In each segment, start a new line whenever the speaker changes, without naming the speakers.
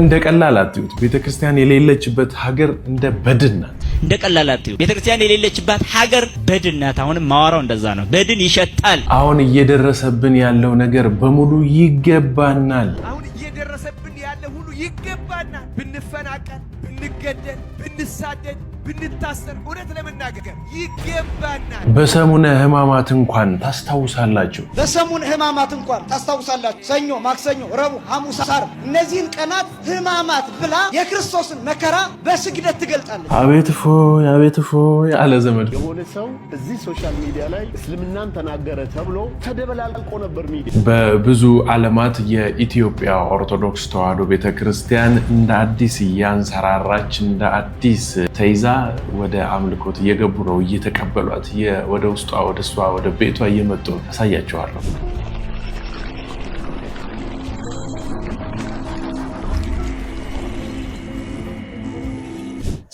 እንደ ቀላል አትዩት። ቤተክርስቲያን የሌለችበት ሀገር እንደ በድን ናት።
እንደ ቀላል አትዩት። ቤተክርስቲያን የሌለችበት ሀገር በድን ናት። አሁንም ማዋራው እንደዛ ነው። በድን ይሸጣል።
አሁን እየደረሰብን ያለው ነገር በሙሉ ይገባናል።
አሁን እየደረሰብን ያለ ሁሉ ይገባናል። ብንፈናቀል፣ ብንገደል፣ ብንሳደድ ብንታሰር እውነት ለመናገር ይገባናል።
በሰሙነ ሕማማት እንኳን ታስታውሳላችሁ፣
በሰሙነ ሕማማት እንኳን ታስታውሳላችሁ። ሰኞ፣ ማክሰኞ፣ ረቡዕ፣ ሐሙስ፣ ዓርብ እነዚህን ቀናት ሕማማት ብላ የክርስቶስን መከራ በስግደት ትገልጣለች።
አቤት እፎይ፣ አቤት እፎይ አለ ዘመድ።
የሆነ ሰው እዚህ ሶሻል ሚዲያ ላይ እስልምናን ተናገረ ተብሎ ተደበላልቆ ነበር
ሚዲያ። በብዙ ዓለማት የኢትዮጵያ ኦርቶዶክስ ተዋሕዶ ቤተ ክርስቲያን እንደ አዲስ እያንሰራራች እንደ አዲስ ተይዛ ወደ አምልኮት እየገቡ ነው እየተቀበሏት፣ ወደ ውስጧ፣ ወደ እሷ፣ ወደ ቤቷ እየመጡ አሳያቸዋለሁ።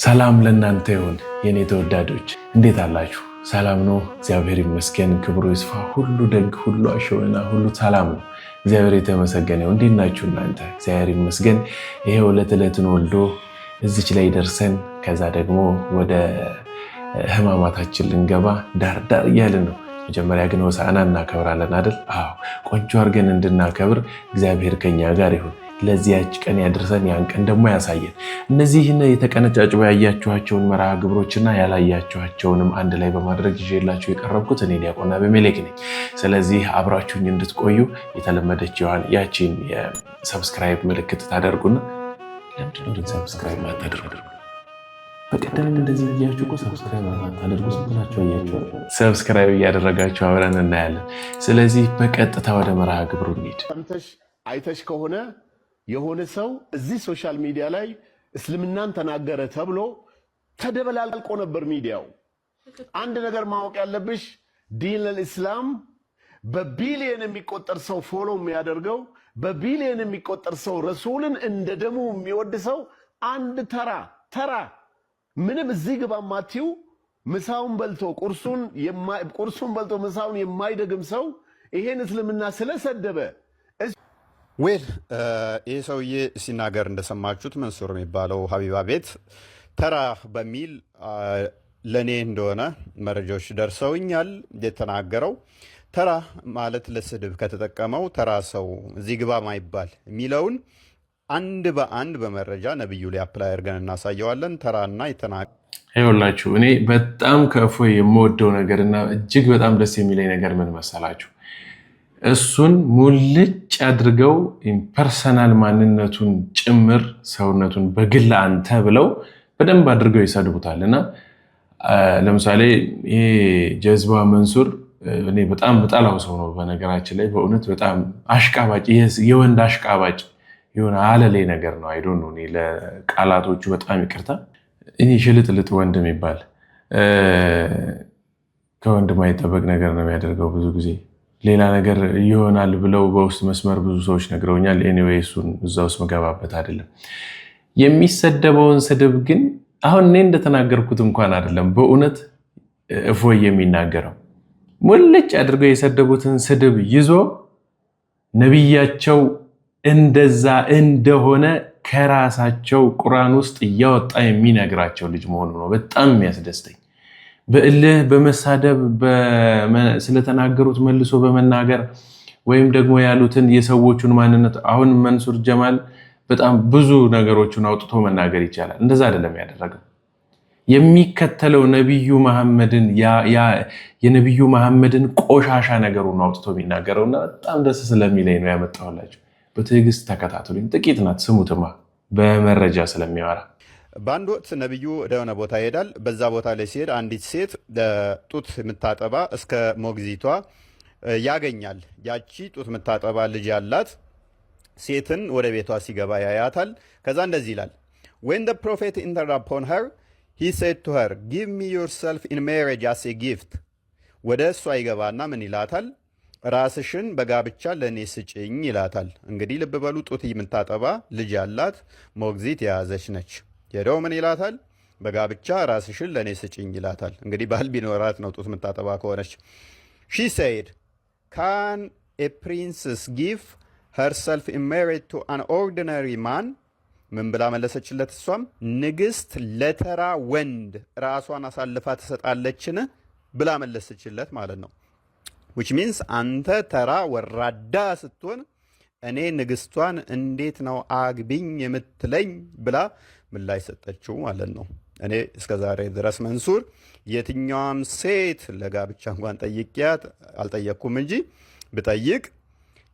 ሰላም ለእናንተ ይሁን የእኔ ተወዳዶች እንዴት አላችሁ? ሰላም ነው፣ እግዚአብሔር ይመስገን፣ ክብሩ ይስፋ። ሁሉ ደግ፣ ሁሉ አሸወና፣ ሁሉ ሰላም ነው። እግዚአብሔር የተመሰገነው። እንዴት ናችሁ እናንተ? እግዚአብሔር ይመስገን። ይሄ ዕለት ዕለትን ወልዶ እዚች ላይ ደርሰን ከዛ ደግሞ ወደ ህማማታችን ልንገባ ዳርዳር እያልን ነው። መጀመሪያ ግን ሆሳዕና እናከብራለን አይደል? አዎ፣ ቆንጆ አድርገን እንድናከብር እግዚአብሔር ከኛ ጋር ይሁን። ለዚያች ቀን ያደርሰን፣ ያን ቀን ደግሞ ያሳየን። እነዚህን የተቀነጫጭበ ያያችኋቸውን መርሃ ግብሮችና ያላያችኋቸውንም አንድ ላይ በማድረግ ይዤላችሁ የቀረብኩት እኔ ዲያቆን አቤሜሌክ ነኝ። ስለዚህ አብራችሁኝ እንድትቆዩ የተለመደችዋን ያቺን የሰብስክራይብ ምልክት ታደርጉና ለምንድነው ሰብስክራይብ አታደርጉ? እንደዚህ እኮ ሰብስክራይብ ሰብስክራይብ እያደረጋችሁ አብረን እናያለን። ስለዚህ በቀጥታ ወደ መርሃ ግብሩ እንሂድ።
አይተሽ ከሆነ የሆነ ሰው እዚህ ሶሻል ሚዲያ ላይ እስልምናን ተናገረ ተብሎ ተደበላልቆ ነበር ሚዲያው። አንድ ነገር ማወቅ ያለብሽ ዲን አልኢስላም በቢሊየን የሚቆጠር ሰው ፎሎ የሚያደርገው በቢሊየን የሚቆጠር ሰው ረሱልን እንደ ደሙ የሚወድ ሰው አንድ ተራ ተራ ምንም እዚህ ግባ ማቲው ምሳውን በልቶ ቁርሱን ቁርሱን በልቶ ምሳውን የማይደግም ሰው ይሄን እስልምና ስለሰደበ
ዌል ይህ ሰውዬ ሲናገር እንደሰማችሁት መንሱር የሚባለው ሀቢባ ቤት ተራ በሚል ለእኔ እንደሆነ መረጃዎች ደርሰውኛል የተናገረው ተራ ማለት ለስድብ ከተጠቀመው ተራ ሰው እዚህ ግባ ማይባል የሚለውን አንድ በአንድ በመረጃ ነብዩ ላይ አፕላይ አድርገን እናሳየዋለን። ተራና የተናቀ ይኸውላችሁ እኔ በጣም ከፎ የምወደው ነገር እና እጅግ በጣም ደስ የሚለኝ ነገር ምን መሰላችሁ? እሱን ሙልጭ አድርገው ፐርሰናል ማንነቱን ጭምር ሰውነቱን በግል አንተ ብለው በደንብ አድርገው ይሰድቡታል እና ለምሳሌ ይሄ ጀዝባ መንሱር እኔ በጣም በጠላው ሰው ነው። በነገራችን ላይ በእውነት በጣም አሽቃባጭ የወንድ አሽቃባጭ የሆነ አለሌ ነገር ነው። አይዶ ነው። ለቃላቶቹ በጣም ይቅርታ። እኔ ሽልጥልጥ ወንድ የሚባል ከወንድ ማይጠበቅ ነገር ነው የሚያደርገው ብዙ ጊዜ ሌላ ነገር ይሆናል ብለው በውስጥ መስመር ብዙ ሰዎች ነግረውኛል። ኤኒዌይ እሱን እዛ ውስጥ መገባበት አይደለም። የሚሰደበውን ስድብ ግን አሁን እኔ እንደተናገርኩት እንኳን አይደለም በእውነት እፎይ የሚናገረው ሙልጭ አድርገው የሰደቡትን ስድብ ይዞ ነቢያቸው እንደዛ እንደሆነ ከራሳቸው ቁርአን ውስጥ እያወጣ የሚነግራቸው ልጅ መሆኑ ነው በጣም የሚያስደስተኝ። በእልህ በመሳደብ ስለተናገሩት መልሶ በመናገር ወይም ደግሞ ያሉትን የሰዎቹን ማንነት አሁን መንሱር ጀማል በጣም ብዙ ነገሮችን አውጥቶ መናገር ይቻላል። እንደዛ አይደለም ያደረገው። የሚከተለው ነቢዩ መሐመድን የነቢዩ መሐመድን ቆሻሻ ነገሩን አውጥቶ የሚናገረውና በጣም ደስ ስለሚለኝ ነው ያመጣሁላችሁ። በትዕግስት ተከታተሉኝ። ጥቂት ናት፣ ስሙትማ በመረጃ ስለሚያወራ በአንድ ወቅት ነቢዩ ወደ ሆነ ቦታ ይሄዳል። በዛ ቦታ ላይ ሲሄድ አንዲት ሴት ጡት የምታጠባ እስከ ሞግዚቷ ያገኛል። ያቺ ጡት የምታጠባ ልጅ ያላት ሴትን ወደ ቤቷ ሲገባ ያያታል። ከዛ እንደዚህ ይላል ወን ፕሮፌት ኢንተራፖን ሀር ሂ ሴድ ቱ ሄር ጊቭ ሚ ዮርሰልፍ ኢን ሜሬጅ አስ ኤ ጊፍት። ወደ እሷ ይገባና ምን ይላታል? ራስሽን በጋብቻ ለእኔ ስጭኝ ይላታል። እንግዲህ ልብ በሉ፣ ጡት የምታጠባ ልጅ ያላት ሞግዚት የያዘች ነች። ሄደው ምን ይላታል? በጋብቻ ራስሽን ለእኔ ስጭኝ ይላታል። እንግዲህ ባል ቢኖራት ነው ጡት የምታጠባ ከሆነች። ሺ ሰይድ ካን ኤ ፕሪንስስ ጊቭ ሄርሰልፍ ኢን ሜሬጅ ቱ አን ኦርዲናሪ ማን ምን ብላ መለሰችለት? እሷም ንግሥት ለተራ ወንድ ራሷን አሳልፋ ትሰጣለችን ብላ መለሰችለት ማለት ነው። ዊች ሚንስ አንተ ተራ ወራዳ ስትሆን እኔ ንግሥቷን እንዴት ነው አግቢኝ የምትለኝ ብላ ምላሽ ሰጠችው ማለት ነው። እኔ እስከ ዛሬ ድረስ መንሱር የትኛዋም ሴት ለጋብቻ እንኳን ጠይቂያት አልጠየቅኩም እንጂ ብጠይቅ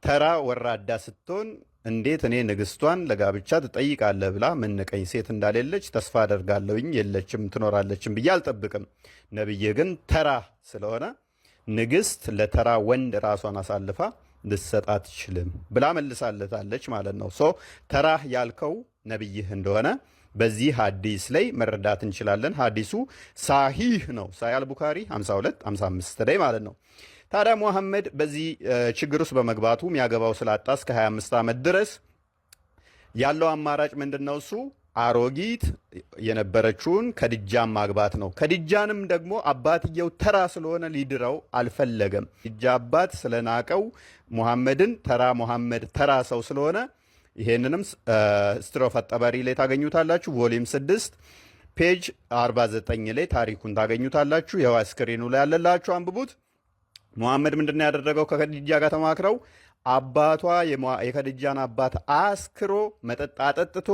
ተራ ወራዳ ስትሆን እንዴት እኔ ንግስቷን ለጋብቻ ትጠይቃለህ ብላ ምንቀኝ ሴት እንዳሌለች ተስፋ አደርጋለሁኝ። የለችም ትኖራለችም ብዬ አልጠብቅም። ነብይህ ግን ተራ ስለሆነ ንግስት ለተራ ወንድ ራሷን አሳልፋ ልሰጥ አትችልም ብላ መልሳለታለች ማለት ነው። ሶ ተራ ያልከው ነብይህ እንደሆነ በዚህ ሀዲስ ላይ መረዳት እንችላለን። ሀዲሱ ሳሂህ ነው። ሳይ አልቡካሪ 52 55 ላይ ማለት ነው። ታዲያ ሙሐመድ በዚህ ችግር ውስጥ በመግባቱ የሚያገባው ስላጣ እስከ 25 ዓመት ድረስ ያለው አማራጭ ምንድን ነው? እሱ አሮጊት የነበረችውን ከድጃን ማግባት ነው። ከድጃንም ደግሞ አባትየው ተራ ስለሆነ ሊድረው አልፈለገም። ድጃ አባት ስለናቀው ሙሐመድን ተራ ሙሐመድ ተራ ሰው ስለሆነ ይሄንንም ስትሮፍ ጠበሪ ላይ ታገኙታላችሁ። ቮሊም 6 ፔጅ 49 ላይ ታሪኩን ታገኙታላችሁ። የዋ ስክሪኑ ላይ ያለላችሁ አንብቡት። ሙሐመድ ምንድን ያደረገው? ከከድጃ ጋር ተማክረው አባቷ የከድጃን አባት አስክሮ መጠጥ አጠጥቶ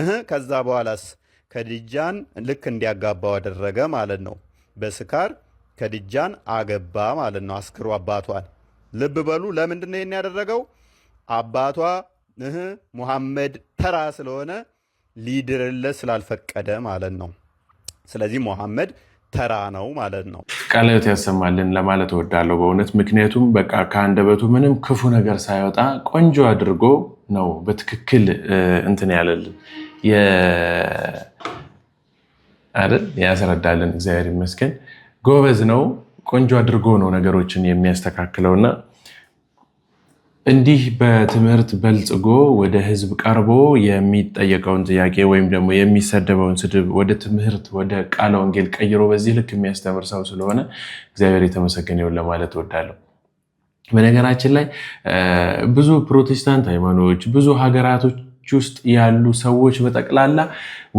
እህ ከዛ በኋላስ ከድጃን ልክ እንዲያጋባው አደረገ ማለት ነው። በስካር ከድጃን አገባ ማለት ነው። አስክሮ አባቷን። ልብ በሉ። ለምንድን ነው ይህን ያደረገው? አባቷ እህ ሙሐመድ ተራ ስለሆነ ሊድርለት ስላልፈቀደ ማለት ነው። ስለዚህ ሙሐመድ ተራ ነው ማለት ነው። ቃልዮት ያሰማልን ለማለት እወዳለሁ በእውነት ምክንያቱም በቃ ከአንደበቱ ምንም ክፉ ነገር ሳይወጣ ቆንጆ አድርጎ ነው በትክክል እንትን ያለልን አይደል ያስረዳልን። እግዚአብሔር ይመስገን ጎበዝ ነው። ቆንጆ አድርጎ ነው ነገሮችን የሚያስተካክለውና እንዲህ በትምህርት በልጽጎ ወደ ህዝብ ቀርቦ የሚጠየቀውን ጥያቄ ወይም ደግሞ የሚሰደበውን ስድብ ወደ ትምህርት ወደ ቃለ ወንጌል ቀይሮ በዚህ ልክ የሚያስተምር ሰው ስለሆነ እግዚአብሔር የተመሰገነ ይሁን ለማለት እወዳለሁ። በነገራችን ላይ ብዙ ፕሮቴስታንት ሃይማኖች ብዙ ሀገራቶች ውስጥ ያሉ ሰዎች በጠቅላላ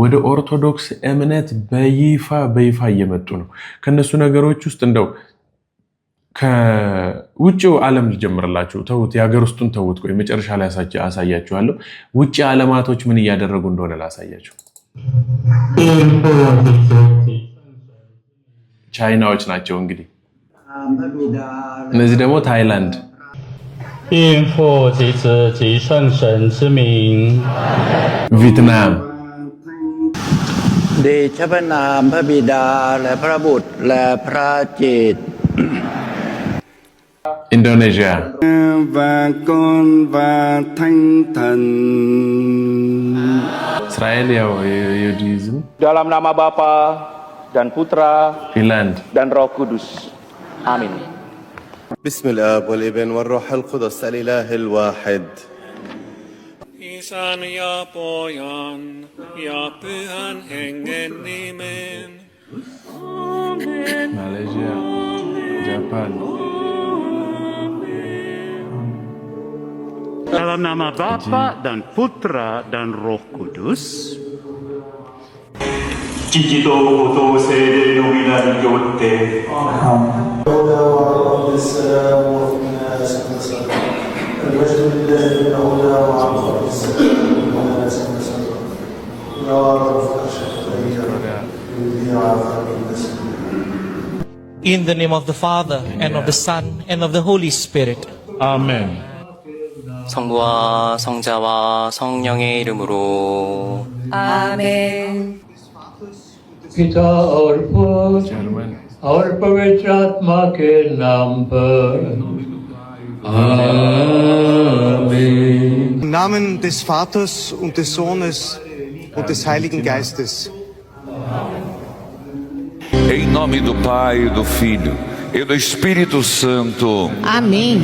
ወደ ኦርቶዶክስ እምነት በይፋ በይፋ እየመጡ ነው። ከነሱ ነገሮች ውስጥ እንደው ከውጭው ዓለም ልጀምርላችሁ። ተውት፣ የሀገር ውስጡን ተውት። ቆይ መጨረሻ ላይ አሳያችኋለሁ። ውጭ ዓለማቶች ምን እያደረጉ እንደሆነ ላሳያችሁ። ቻይናዎች ናቸው እንግዲህ። እነዚህ ደግሞ ታይላንድ ቪትናም
ዲ ቸበናም พระบิดาและพระบุตรและพระจิต
Indonesia. Israel ya Yudhism.
Dalam nama Bapa dan Putra Finland. dan Roh Kudus. Amin.
بسم
Malaysia, Japan.
Dalam nama Bapa dan Putra dan Roh Kudus.
In the name of the Father, and of the Son, and of the Holy Spirit. Amen. 성부와 성자와 성령의 이름으로 아멘. पिता और पुत्र और पवित्र आत्मा के नाम Im Namen des Vaters und des Sohnes und des Heiligen Geistes. Em nome do Pai, do Filho e do Espírito Santo. Amém.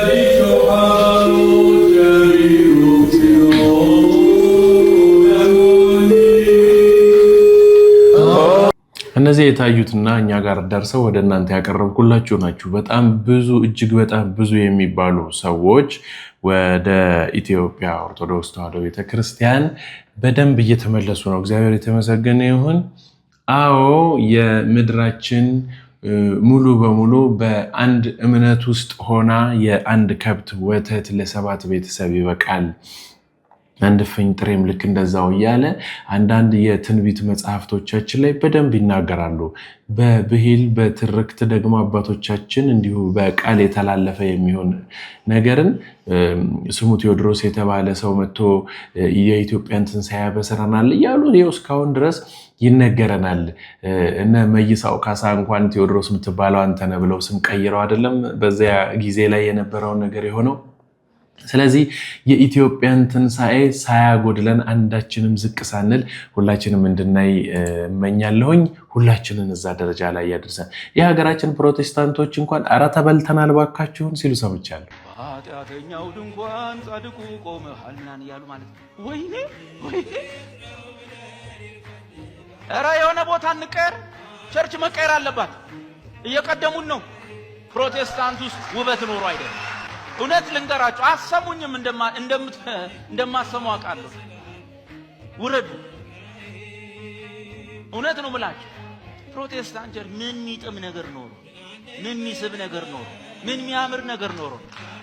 እነዚህ የታዩትና እኛ ጋር ደርሰው ወደ እናንተ ያቀረብኩላችሁ ናችሁ። በጣም ብዙ እጅግ በጣም ብዙ የሚባሉ ሰዎች ወደ ኢትዮጵያ ኦርቶዶክስ ተዋህዶ ቤተክርስቲያን በደንብ እየተመለሱ ነው። እግዚአብሔር የተመሰገነ ይሁን። አዎ የምድራችን ሙሉ በሙሉ በአንድ እምነት ውስጥ ሆና የአንድ ከብት ወተት ለሰባት ቤተሰብ ይበቃል አንድ ፍኝ ጥሬም ልክ እንደዛው እያለ አንዳንድ የትንቢት መጽሐፍቶቻችን ላይ በደንብ ይናገራሉ። በብሂል በትርክት ደግሞ አባቶቻችን እንዲሁ በቃል የተላለፈ የሚሆን ነገርን ስሙ ቴዎድሮስ የተባለ ሰው መጥቶ የኢትዮጵያን ትንሣኤ ያበስረናል እያሉ ይኸው እስካሁን ድረስ ይነገረናል። እነ መይሳው ካሳ እንኳን ቴዎድሮስ የምትባለው አንተነ ብለው ስም ቀይረው አይደለም በዚያ ጊዜ ላይ የነበረውን ነገር የሆነው ስለዚህ የኢትዮጵያን ትንሣኤ ሳያጎድለን አንዳችንም ዝቅ ሳንል ሁላችንም እንድናይ እመኛለሁኝ። ሁላችንን እዛ ደረጃ ላይ ያደርሰን። የሀገራችን ፕሮቴስታንቶች እንኳን ኧረ ተበልተናል ባካችሁን ሲሉ ሰምቻለሁ። ኃጢአተኛው ድንኳን ጻድቁ ቆመሃልናን እያሉ ማለት ወይኔ ወይኔ፣ ኧረ የሆነ ቦታ እንቀር፣ ቸርች መቀየር አለባት። እየቀደሙን ነው። ፕሮቴስታንት ውስጥ ውበት ኖሮ አይደለም እውነት ልንገራችሁ፣ አሰሙኝም እንደማሰሙ አውቃለሁ። ውረዱ። እውነት ነው ምላችሁ። ፕሮቴስታንት ጀር ምን የሚጥም ነገር ኖሮ፣ ምን ሚስብ ነገር ኖሮ፣ ምን የሚያምር ነገር ኖሮ?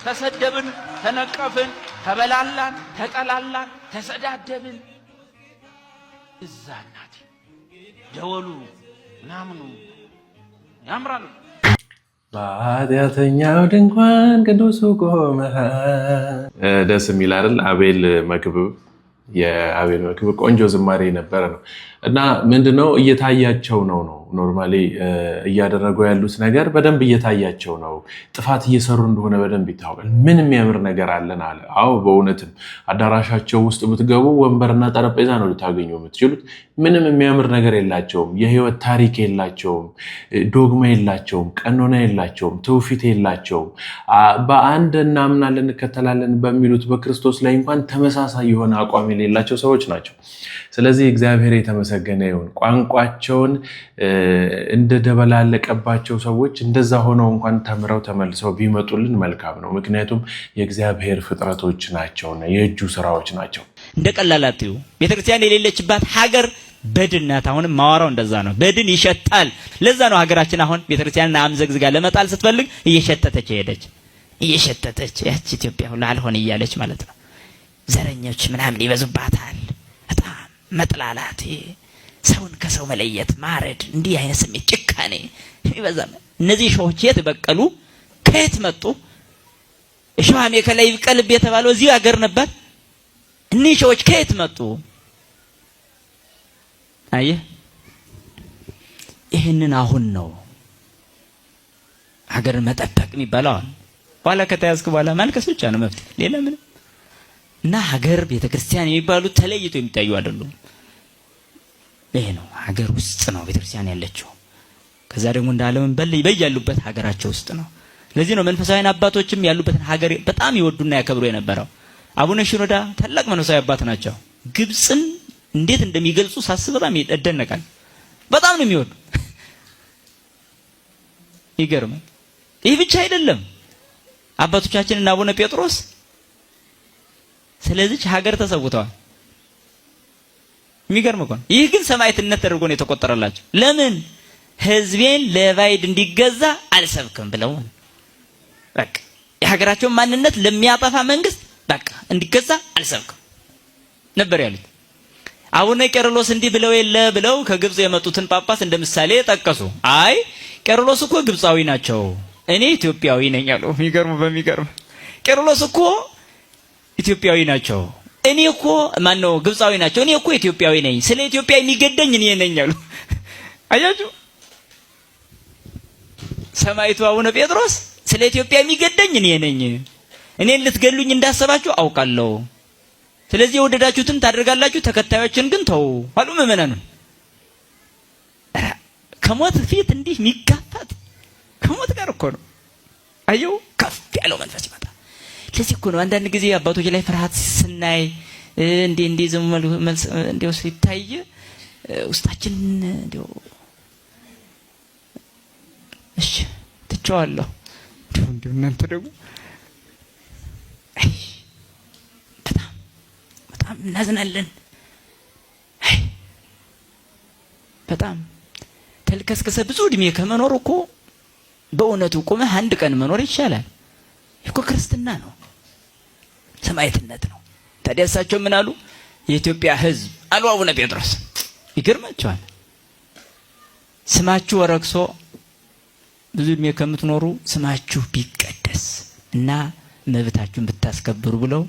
ተሰደብን፣ ተነቀፍን፣ ተበላላን፣ ተጠላላን፣ ተሰዳደብን። እዛ እናቴ ደወሉ ምናምኑ ያምራሉ። በኃጢአተኛው ድንኳን ቅዱሱ ቆመሃል። ደስ የሚል አይደል? አቤል መክብብ የአቤል መክብብ ቆንጆ ዝማሬ ነበረ ነው እና ምንድነው እየታያቸው ነው ነው ኖርማሊ እያደረጉ ያሉት ነገር በደንብ እየታያቸው ነው። ጥፋት እየሰሩ እንደሆነ በደንብ ይታወቃል። ምን የሚያምር ነገር አለን አለ። አዎ በእውነትም አዳራሻቸው ውስጥ ብትገቡ ወንበርና ጠረጴዛ ነው ልታገኙ የምትችሉት። ምንም የሚያምር ነገር የላቸውም። የህይወት ታሪክ የላቸውም። ዶግማ የላቸውም። ቀኖና የላቸውም። ትውፊት የላቸውም። በአንድ እናምናለን እንከተላለን በሚሉት በክርስቶስ ላይ እንኳን ተመሳሳይ የሆነ አቋም የሌላቸው ሰዎች ናቸው። ስለዚህ እግዚአብሔር የተመሰገነ ይሁን። ቋንቋቸውን እንደደበላለቀባቸው ሰዎች እንደዛ ሆነው እንኳን ተምረው ተመልሰው ቢመጡልን መልካም ነው። ምክንያቱም የእግዚአብሔር ፍጥረቶች ናቸውና የእጁ ስራዎች ናቸው። እንደ ቀላላት ቤተክርስቲያን የሌለችባት ሀገር በድናት አሁንም ማዋራው እንደዛ ነው። በድን ይሸጣል። ለዛ ነው ሀገራችን አሁን ቤተክርስቲያንን አምዘግዝጋ ለመጣል ስትፈልግ እየሸተተች ሄደች እየሸተተች ያች ኢትዮጵያ ሁሉ አልሆን እያለች ማለት ነው። ዘረኞች ምናምን ይበዙባታል። መጥላላት፣ ሰውን ከሰው መለየት፣ ማረድ፣ እንዲህ አይነት ስሜት ጭካኔ ይበዛ። እነዚህ ሸዎች የት በቀሉ? ከየት መጡ? ሸዋሜ ከላይ ይብቀልብ የተባለው እዚህ ሀገር ነበር። እኒህ ሸዎች ከየት መጡ? አየህ፣ ይህንን አሁን ነው ሀገርን መጠበቅ የሚባለው። አሁን በኋላ ከተያዝክ በኋላ ማልቀስ ብቻ ነው መፍትሄ፣ ሌላ ምንም እና ሀገር፣ ቤተክርስቲያን የሚባሉት ተለይቶ የሚታዩ አይደሉም። ይሄ ነው ሀገር ውስጥ ነው ቤተክርስቲያን ያለችው። ከዛ ደግሞ እንደ ዓለምን በያሉበት ሀገራቸው ውስጥ ነው። ለዚህ ነው መንፈሳዊያን አባቶችም ያሉበትን ሀገር በጣም ይወዱና ያከብሩ የነበረው። አቡነ ሺኖዳ ታላቅ መንፈሳዊ አባት ናቸው። ግብፅን እንዴት እንደሚገልጹ ሳስብ በጣም ይደነቃል። በጣም ነው የሚወዱ። ይገርማል። ይህ ብቻ አይደለም። አባቶቻችንና አቡነ ጴጥሮስ ስለዚች ሀገር ተሰውተዋል። የሚገርም እኮ ነው። ይህ ግን ሰማዕትነት ተደርጎ ነው የተቆጠረላቸው። ለምን ህዝቤን ለባይድ እንዲገዛ አልሰብክም ብለው በቃ የሀገራቸውን ማንነት ለሚያጠፋ መንግስት በቃ እንዲገዛ አልሰብክም ነበር ያሉት። አቡነ ቄርሎስ እንዲህ ብለው የለ ብለው ከግብጽ የመጡትን ጳጳስ እንደ ምሳሌ ጠቀሱ። አይ ቄርሎስ እኮ ግብጻዊ ናቸው፣ እኔ ኢትዮጵያዊ ነኝ አሉ። የሚገርም በሚገርም ቄርሎስ እኮ ኢትዮጵያዊ ናቸው። እኔ እኮ ማን ነው ግብፃዊ ናቸው። እኔ እኮ ኢትዮጵያዊ ነኝ። ስለ ኢትዮጵያ የሚገደኝ እኔ ነኝ አሉ። አያችሁ ሰማይቱ አቡነ ጴጥሮስ ስለ ኢትዮጵያ የሚገደኝ እኔ ነኝ። እኔን ልትገሉኝ እንዳሰባችሁ አውቃለሁ። ስለዚህ የወደዳችሁትን ታደርጋላችሁ፣ ተከታዮችን ግን ተው አሉ። ምእመናን ከሞት ፊት እንዲህ የሚጋፋት ከሞት ጋር እኮ ነው። አየው ከፍ ያለው መንፈስ ይመጣል። ስለዚህ እኮ ነው አንዳንድ ጊዜ አባቶች ላይ ፍርሃት ስናይ እንዴ እንዴ ዘሙ መልስ እንዴው ሲታይ ውስጣችን እንዴው እሺ ትቸዋለሁ እንዴው እንዴው እናንተ ደግሞ በጣም በጣም እናዝናለን። በጣም ተልከስከሰ ብዙ እድሜ ከመኖር እኮ በእውነቱ ቁመህ አንድ ቀን መኖር ይሻላል እኮ ክርስትና ነው። ሰማዕትነት ነው። ታዲያ እሳቸው ምን አሉ? የኢትዮጵያ ሕዝብ አሉ አቡነ ጴጥሮስ። ይገርማቸዋል። ስማችሁ ወረክሶ ብዙ እድሜ ከምትኖሩ ስማችሁ ቢቀደስ እና መብታችሁን ብታስከብሩ ብለው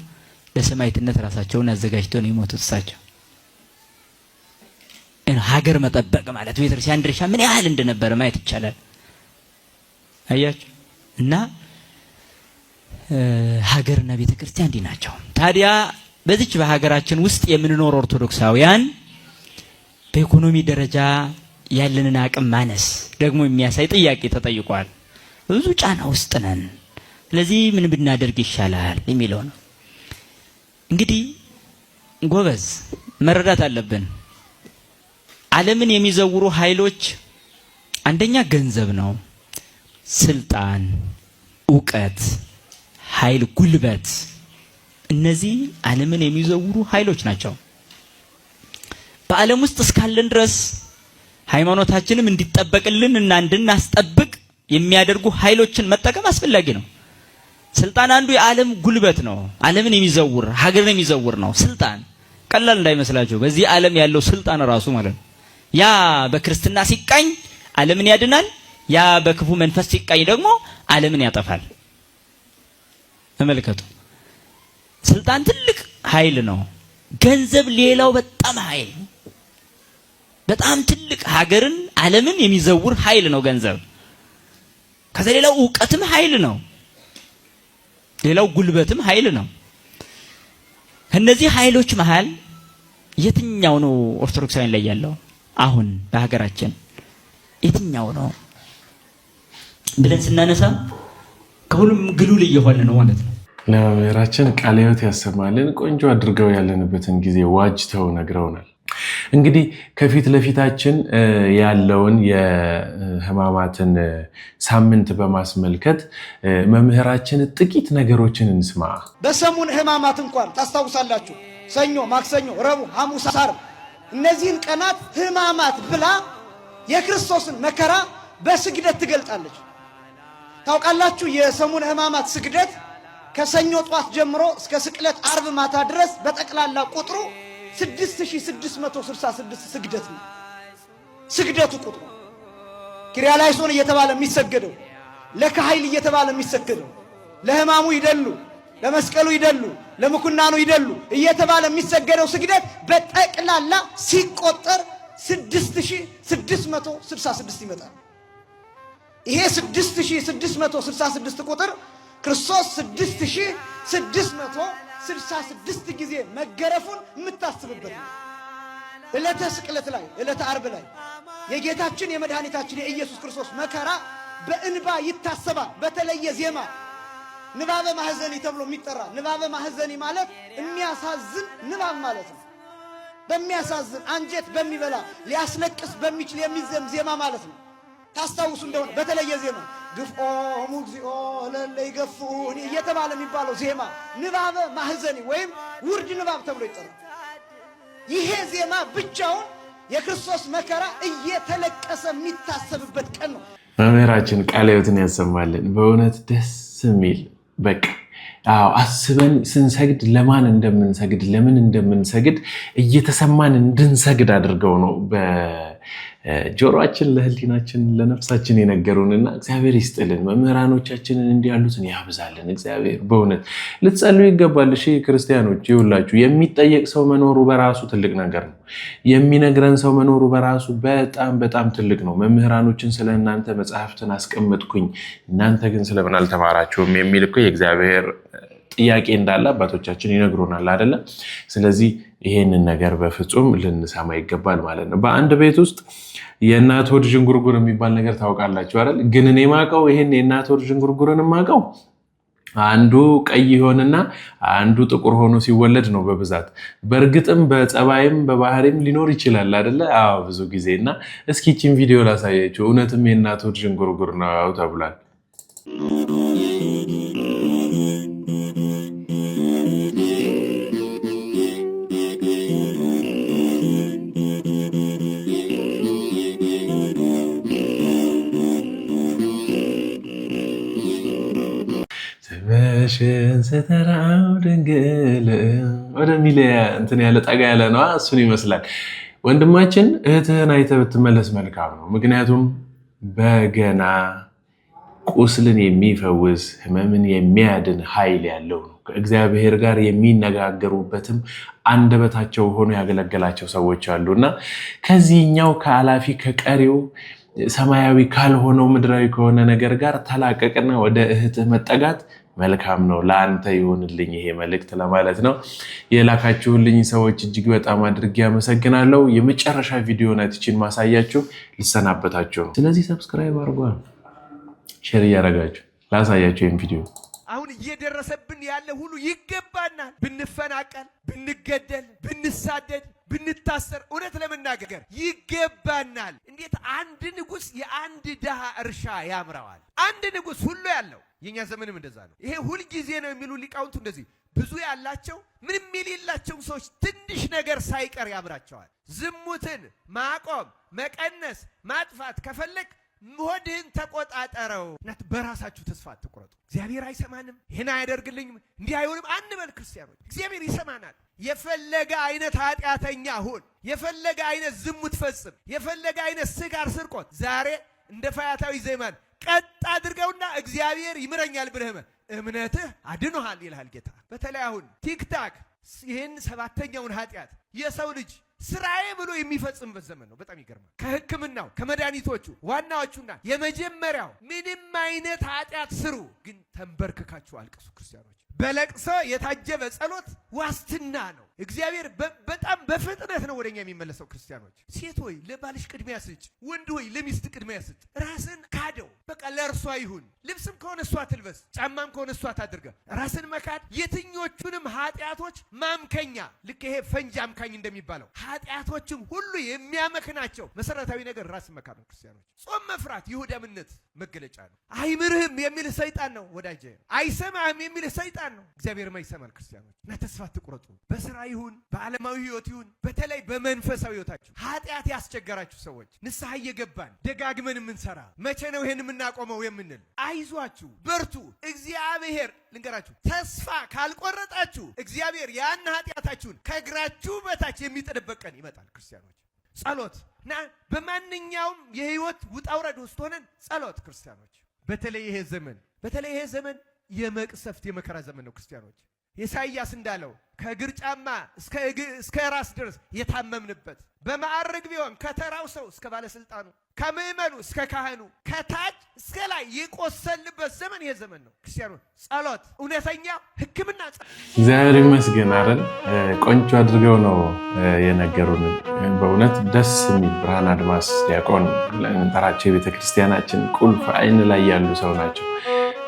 ለሰማዕትነት ራሳቸውን አዘጋጅተው ነው የሞቱት። እሳቸው ሀገር መጠበቅ ማለት ቤተክርስቲያን ድርሻ ምን ያህል እንደነበረ ማየት ይቻላል። አያችሁ እና ሀገርና ቤተ ክርስቲያን እንዲህ ናቸው። ታዲያ በዚች በሀገራችን ውስጥ የምንኖር ኦርቶዶክሳውያን በኢኮኖሚ ደረጃ ያለንን አቅም ማነስ ደግሞ የሚያሳይ ጥያቄ ተጠይቋል። ብዙ ጫና ውስጥ ነን። ስለዚህ ምን ብናደርግ ይሻላል የሚለው ነው። እንግዲህ ጎበዝ መረዳት አለብን። ዓለምን የሚዘውሩ ኃይሎች አንደኛ ገንዘብ ነው፣ ስልጣን፣ እውቀት ኃይል፣ ጉልበት እነዚህ ዓለምን የሚዘውሩ ኃይሎች ናቸው። በዓለም ውስጥ እስካለን ድረስ ሃይማኖታችንም እንዲጠበቅልን እና እንድናስጠብቅ የሚያደርጉ ኃይሎችን መጠቀም አስፈላጊ ነው። ስልጣን አንዱ የዓለም ጉልበት ነው። ዓለምን የሚዘውር ሀገርን የሚዘውር ነው። ስልጣን ቀላል እንዳይመስላችሁ በዚህ ዓለም ያለው ስልጣን ራሱ ማለት ነው። ያ በክርስትና ሲቃኝ ዓለምን ያድናል። ያ በክፉ መንፈስ ሲቃኝ ደግሞ ዓለምን ያጠፋል። ተመልከቱ። ስልጣን ትልቅ ኃይል ነው። ገንዘብ ሌላው በጣም ኃይል በጣም ትልቅ ሀገርን ዓለምን የሚዘውር ኃይል ነው ገንዘብ። ከዛ ሌላው እውቀትም ኃይል ነው። ሌላው ጉልበትም ኃይል ነው። ከነዚህ ኃይሎች መሃል የትኛው ነው ኦርቶዶክሳዊን ላይ ያለው? አሁን በሀገራችን የትኛው ነው ብለን ስናነሳ ከሁሉም ግሉል እየሆነ ነው ማለት ነው። ለመምህራችን ቃለ ሕይወት ያሰማልን። ቆንጆ አድርገው ያለንበትን ጊዜ ዋጅተው ነግረውናል። እንግዲህ ከፊት ለፊታችን ያለውን የሕማማትን ሳምንት በማስመልከት መምህራችን ጥቂት ነገሮችን እንስማ። በሰሙን ሕማማት እንኳን ታስታውሳላችሁ፣ ሰኞ፣ ማክሰኞ፣ ረቡዕ፣ ሐሙስ፣ ዓርብ እነዚህን ቀናት ሕማማት ብላ የክርስቶስን መከራ በስግደት ትገልጣለች። ታውቃላችሁ የሰሙን ሕማማት ስግደት ከሰኞ ጧት ጀምሮ እስከ ስቅለት አርብ ማታ ድረስ በጠቅላላ ቁጥሩ 6666 ስግደት ነው። ስግደቱ ቁጥሩ ኪርያላይሶን እየተባለ የሚሰገደው ለካህይል እየተባለ የሚሰገደው ለሕማሙ ይደሉ ለመስቀሉ ይደሉ ለምኩናኑ ይደሉ እየተባለ የሚሰገደው ስግደት በጠቅላላ ሲቆጠር 6666 ይመጣል። ይሄ 6666 ቁጥር ክርስቶስ ስድስት ሺህ ስድስት መቶ ስልሳ ስድስት ጊዜ መገረፉን የምታስብበት ነው። ዕለተ ስቅለት ላይ ዕለተ አርብ ላይ የጌታችን የመድኃኒታችን የኢየሱስ ክርስቶስ መከራ በእንባ ይታሰባል። በተለየ ዜማ ንባበ ማህዘኒ ተብሎ የሚጠራ ንባበ ማህዘኒ ማለት የሚያሳዝን ንባብ ማለት ነው። በሚያሳዝን አንጀት በሚበላ ሊያስለቅስ በሚችል የሚዘም ዜማ ማለት ነው። ታስታውሱ እንደሆነ በተለየ ዜማ ግፍዖሙ እግዚኦ ለእለ ይገፉኒ እየተባለ የሚባለው ዜማ ንባበ ማህዘኒ ወይም ውርድ ንባብ ተብሎ ይጠራል። ይሄ ዜማ ብቻውን የክርስቶስ መከራ እየተለቀሰ የሚታሰብበት ቀን ነው። መምህራችን ቃለ ሕይወትን ያሰማልን። በእውነት ደስ የሚል በቃ አዎ አስበን ስንሰግድ ለማን እንደምንሰግድ ለምን እንደምንሰግድ እየተሰማን እንድንሰግድ አድርገው ነው ጆሮአችን ለህሊናችን ለነፍሳችን የነገሩንና እግዚአብሔር ይስጥልን። መምህራኖቻችንን እንዲህ ያሉትን ያብዛልን። እግዚአብሔር በእውነት ልትጸልዩ ይገባል። እሺ ክርስቲያኖች ይውላችሁ፣ የሚጠየቅ ሰው መኖሩ በራሱ ትልቅ ነገር ነው። የሚነግረን ሰው መኖሩ በራሱ በጣም በጣም ትልቅ ነው። መምህራኖችን ስለ እናንተ መጽሐፍትን አስቀመጥኩኝ፣ እናንተ ግን ስለምን አልተማራችሁም የሚል እኮ የእግዚአብሔር ጥያቄ እንዳለ አባቶቻችን ይነግሩናል አይደለም። ስለዚህ ይሄንን ነገር በፍጹም ልንሰማ ይገባል ማለት ነው። በአንድ ቤት ውስጥ የእናት ሆድ ዥንጉርጉር የሚባል ነገር ታውቃላችሁ አይደል? ግን እኔ ማቀው ይሄን የእናት ሆድ ዥንጉርጉርን ማቀው አንዱ ቀይ ሆንና አንዱ ጥቁር ሆኖ ሲወለድ ነው በብዛት። በእርግጥም በፀባይም በባህሪም ሊኖር ይችላል አደለ? አዎ ብዙ ጊዜ እና እስኪችን ቪዲዮ ላሳያችሁ። እውነትም የእናት ሆድ ዥንጉርጉር ነው ተብሏል። ስምሽን ስተራው ድንግል ወደሚል እንትን ያለ ጠጋ ያለ ነዋ። እሱን ይመስላል ወንድማችን። እህትህን አይተህ ብትመለስ መልካም ነው። ምክንያቱም በገና ቁስልን የሚፈውስ ህመምን የሚያድን ኃይል ያለው ነው። ከእግዚአብሔር ጋር የሚነጋገሩበትም አንደበታቸው ሆኖ ያገለገላቸው ሰዎች አሉ እና ከዚህኛው ከአላፊ ከቀሪው ሰማያዊ ካልሆነው ምድራዊ ከሆነ ነገር ጋር ተላቀቅና ወደ እህትህ መጠጋት መልካም ነው። ለአንተ የሆንልኝ ይሄ መልእክት ለማለት ነው። የላካችሁልኝ ሰዎች እጅግ በጣም አድርጌ አመሰግናለሁ። የመጨረሻ ቪዲዮ ነትችን ማሳያችሁ ልሰናበታችሁ ነው። ስለዚህ ሰብስክራይብ አድርጓል፣ ሼር እያደረጋችሁ ላሳያችሁ ይህም ቪዲዮ አሁን እየደረሰብን ያለ ሁሉ ይገባናል። ብንፈናቀል፣ ብንገደል፣ ብንሳደድ ብንታሰር እውነት ለመናገር ይገባናል። እንዴት አንድ ንጉሥ የአንድ ድሃ እርሻ ያምረዋል? አንድ ንጉሥ ሁሉ ያለው የእኛ ዘመንም እንደዛ ነው። ይሄ ሁልጊዜ ነው የሚሉ ሊቃውንቱ እንደዚህ ብዙ ያላቸው ምንም የሌላቸውን ሰዎች ትንሽ ነገር ሳይቀር ያምራቸዋል። ዝሙትን ማቆም፣ መቀነስ፣ ማጥፋት ከፈለግ ሆድህን ተቆጣጠረው። እናት በራሳችሁ ተስፋ አትቁረጡ። እግዚአብሔር አይሰማንም፣ ይህን አያደርግልኝም፣ እንዲህ አይሆንም አንበል። ክርስቲያኖች እግዚአብሔር ይሰማናል። የፈለገ አይነት ኃጢአተኛ ሁን፣ የፈለገ አይነት ዝሙት ፈጽም፣ የፈለገ አይነት ስጋር ስርቆት፣ ዛሬ እንደ ፈያታዊ ዘይማን ቀጥ አድርገውና እግዚአብሔር ይምረኛል ብለህ እምነትህ አድኖሃል ይልሃል ጌታ። በተለይ አሁን ቲክታክ ይህን ሰባተኛውን ኃጢአት የሰው ልጅ ስራዬ ብሎ የሚፈጽምበት ዘመን ነው። በጣም ይገርማል። ከህክምናው ከመድኃኒቶቹ ዋናዎቹና የመጀመሪያው ምንም አይነት ኃጢአት ስሩ፣ ግን ተንበርክካችሁ አልቅሱ። ክርስቲያኖች በለቅሶ የታጀበ ጸሎት ዋስትና ነው። እግዚአብሔር በጣም በፍጥነት ነው ወደኛ የሚመለሰው። ክርስቲያኖች፣ ሴት ወይ ለባልሽ ቅድሚያ ስጭ፣ ወንድ ወይ ለሚስት ቅድሚያ ስጭ። ራስን ካደው በቃ ለእርሷ ይሁን። ልብስም ከሆነ እሷ ትልበስ፣ ጫማም ከሆነ እሷ ታድርገ። ራስን መካድ የትኞቹንም ኃጢአቶች ማምከኛ፣ ልክ ይሄ ፈንጂ አምካኝ እንደሚባለው ኃጢአቶችን ሁሉ የሚያመክናቸው መሰረታዊ ነገር ራስን መካድ ነው። ክርስቲያኖች፣ ጾም መፍራት ይሁዳምነት መገለጫ ነው። አይምርህም የሚልህ ሰይጣን ነው ወዳጄ። አይሰማህም የሚልህ ሰይጣን ነው። እግዚአብሔርም አይሰማል። ክርስቲያኖች እና ተስፋ ትቁረጡ በስራ ይሁን በዓለማዊ ህይወት ይሁን በተለይ በመንፈሳዊ ህይወታችሁ ኃጢአት ያስቸገራችሁ ሰዎች ንስሐ እየገባን ደጋግመን የምንሰራ መቼ ነው ይሄን የምናቆመው የምንል አይዟችሁ፣ በርቱ። እግዚአብሔር ልንገራችሁ፣ ተስፋ ካልቆረጣችሁ እግዚአብሔር ያን ኃጢአታችሁን ከእግራችሁ በታች የሚጥልበት ቀን ይመጣል። ክርስቲያኖች ጸሎት እና በማንኛውም የህይወት ውጣውረድ ውስጥ ሆነን ጸሎት ክርስቲያኖች፣ በተለይ ይሄ ዘመን በተለይ ይሄ ዘመን የመቅሰፍት የመከራ ዘመን ነው። ክርስቲያኖች ኢሳይያስ እንዳለው ከእግር ጫማ እስከ ራስ ድረስ የታመምንበት በማዕረግ ቢሆን ከተራው ሰው እስከ ባለስልጣኑ፣ ከምዕመኑ እስከ ካህኑ፣ ከታች እስከ ላይ የቆሰልበት ዘመን ይሄ ዘመን ነው። ክርስቲያኑ ጸሎት፣ እውነተኛ ሕክምና እግዚአብሔር ይመስገን። አረን ቆንጆ አድርገው ነው የነገሩን። በእውነት ደስ የሚል ብርሃን አድማስ ዲያቆን ጠራቸው የቤተክርስቲያናችን ቁልፍ አይን ላይ ያሉ ሰው ናቸው።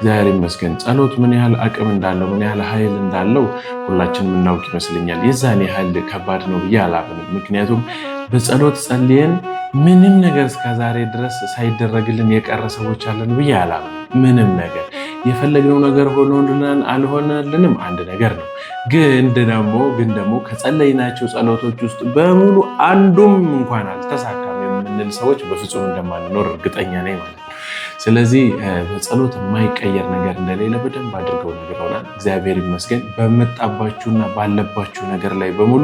እግዚአብሔር ይመስገን። ጸሎት ምን ያህል አቅም እንዳለው ምን ያህል ኃይል እንዳለው ሁላችንም እናውቅ ይመስለኛል። የዛን ያህል ከባድ ነው ብዬ አላምንም። ምክንያቱም በጸሎት ጸልየን ምንም ነገር እስከዛሬ ድረስ ሳይደረግልን የቀረ ሰዎች አለን ብዬ አላምንም። ምንም ነገር የፈለግነው ነገር ሆኖልናል አልሆነልንም አንድ ነገር ነው። ግን ደግሞ ግን ደግሞ ከጸለይናቸው ጸሎቶች ውስጥ በሙሉ አንዱም እንኳን አልተሳካም የምንል ሰዎች በፍጹም እንደማንኖር እርግጠኛ ነኝ ማለት ነው። ስለዚህ በጸሎት የማይቀየር ነገር እንደሌለ በደንብ አድርገው ነግረውናል። እግዚአብሔር ይመስገን። በመጣባችሁና ባለባችሁ ነገር ላይ በሙሉ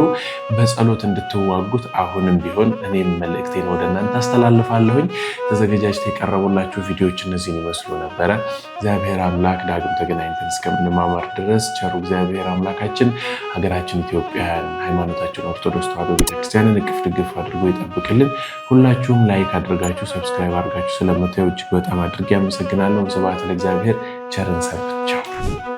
በጸሎት እንድትዋጉት አሁንም ቢሆን እኔም መልእክቴን ወደ እናንተ አስተላልፋለሁኝ። ተዘገጃጅተው የቀረቡላችሁ ቪዲዮዎች እነዚህን ይመስሉ ነበረ። እግዚአብሔር አምላክ ዳግም ተገናኝተን እስከምንማማር ድረስ ቸሩ እግዚአብሔር አምላካችን ሀገራችን ኢትዮጵያን ሃይማኖታችን ኦርቶዶክስ ተዋሕዶ ቤተክርስቲያንን እቅፍ ድግፍ አድርጎ ይጠብቅልን። ሁላችሁም ላይክ አድርጋችሁ ሰብስክራይብ አድርጋችሁ ስለምታዩ እጅግ በጣም አድርጌ አመሰግናለሁ። ስብሐት ለእግዚአብሔር። ቸርን ሰንብቱ።